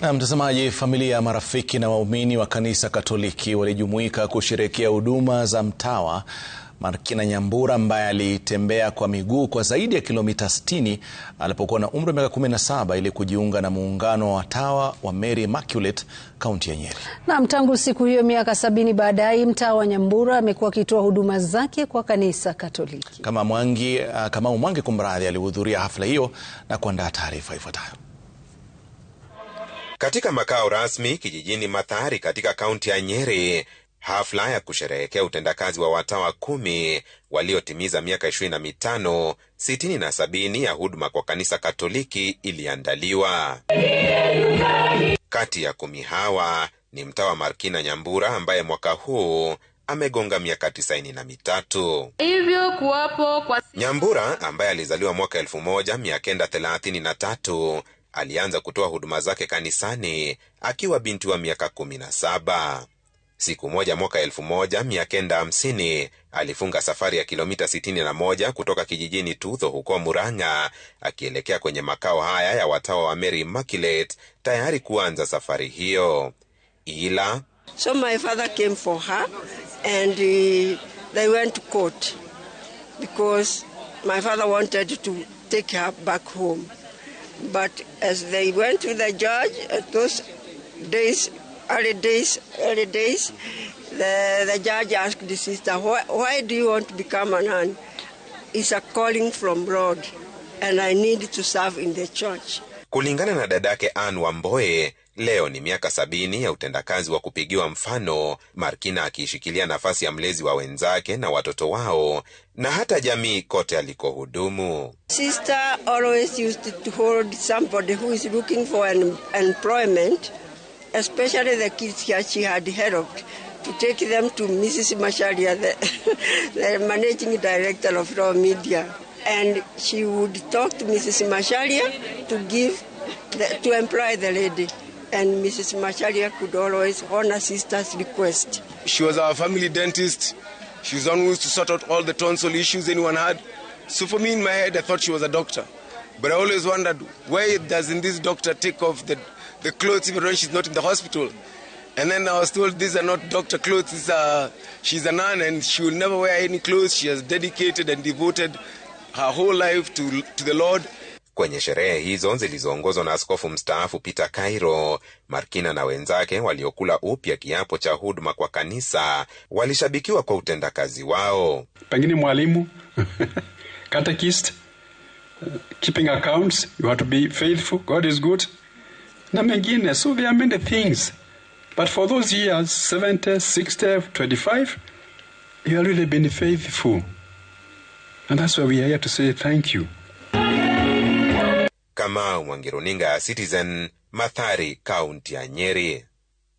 Na mtazamaji, familia ya marafiki na waumini wa kanisa Katoliki walijumuika kusherehekea huduma za mtawa Markina Nyambura ambaye alitembea kwa miguu kwa zaidi ya kilomita 60 alipokuwa na umri wa miaka 17 ili kujiunga na muungano wa watawa wa Mary Immaculate kaunti ya Nyeri. Naam, tangu siku hiyo miaka sabini baadaye mtawa Nyambura amekuwa akitoa huduma zake kwa kanisa Katoliki. Kama Mwangi, Kamau Mwangi kumradhi, alihudhuria hafla hiyo na kuandaa taarifa ifuatayo. Katika makao rasmi kijijini Mathari katika kaunti ya Nyeri, hafla ya kusherehekea utendakazi wa watawa kumi waliotimiza miaka ishirini na mitano, sitini na sabini ya huduma kwa kanisa Katoliki iliandaliwa. Kati ya kumi hawa ni mtawa Markina Nyambura ambaye mwaka huu amegonga miaka tisaini na mitatu. Hivyo kuwapo kwa Nyambura ambaye alizaliwa mwaka elfu moja mia kenda thelathini na tatu Alianza kutoa huduma zake kanisani akiwa binti wa miaka 17. Siku moja mwaka 1950 alifunga safari ya kilomita 61 kutoka kijijini Tutho huko Murang'a akielekea kwenye makao haya ya watawa wa Mary Immaculate tayari kuanza safari hiyo. Ila So my father came for her and uh, they went to court because my father wanted to take her back home. But as they went to the judge at uh, those days, early days, early days, the, the judge asked the sister, why, why do you want to become a nun? It's a calling from God, and I need to serve in the church. Kulingana na dadake Ann Wamboe, leo ni miaka sabini ya utendakazi wa kupigiwa mfano, Markina akiishikilia nafasi ya mlezi wa wenzake na watoto wao na hata jamii kote alikohudumu. Sister always used to hold somebody who is looking for an employment, especially the kids here she had helped to take them to Mrs. Masharia, the, the managing director of Raw Media. and she would talk to Mrs. Macharia to give, the, to employ the lady. And Mrs. Macharia could always honor sister's request. She was our family dentist. She was always used to sort out all the tonsil issues anyone had. So for me in my head, I thought she was a doctor. But I always wondered, why doesn't this doctor take off the, the clothes even when she's not in the hospital? And then I was told these are not doctor clothes. These are, she's a nun and she will never wear any clothes. She has dedicated and devoted her whole life to, to the Lord. Kwenye sherehe hizo zilizoongozwa na askofu mstaafu Peter Cairo, Markina na wenzake waliokula upya kiapo cha huduma kwa kanisa walishabikiwa kwa utendakazi wao. Pengine mwalimu catechist, keeping accounts, you have to be faithful, God is good na mengine. So there are many things but for those years 70, 60, 25 you have really been faithful. And that's why we are here to say thank you. Kama Mwangi, Citizen, Mathari, County ya Nyeri.